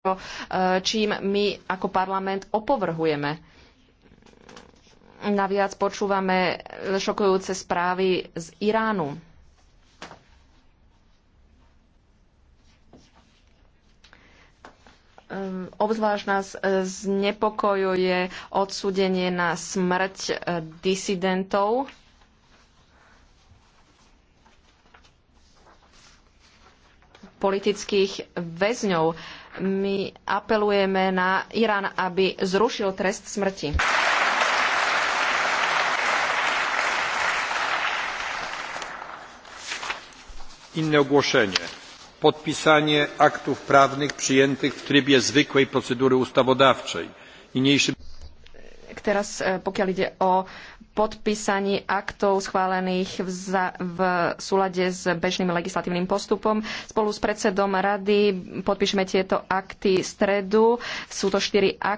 Eh, čím my ako parlament opovrhujeme. Naviac počúvame šokujúce správy z Iránu. Eh, obzvlášť nás eh, znepokojuje odsudenie na smrť disidentov politických väzňov. My apelujeme na Irán, aby zrušil trest smrti. Inne ogłoszenie podpisanie aktów prawnych przyjętych w trybie zwykłej procedury ustawodawczej niniejszym teraz, e, pokiaľ ide o podpísaní aktov schválených v, za, v súlade s bežným legislatívnym postupom. Spolu s predsedom rady podpíšeme tieto akty stredu. Sú to štyri akty.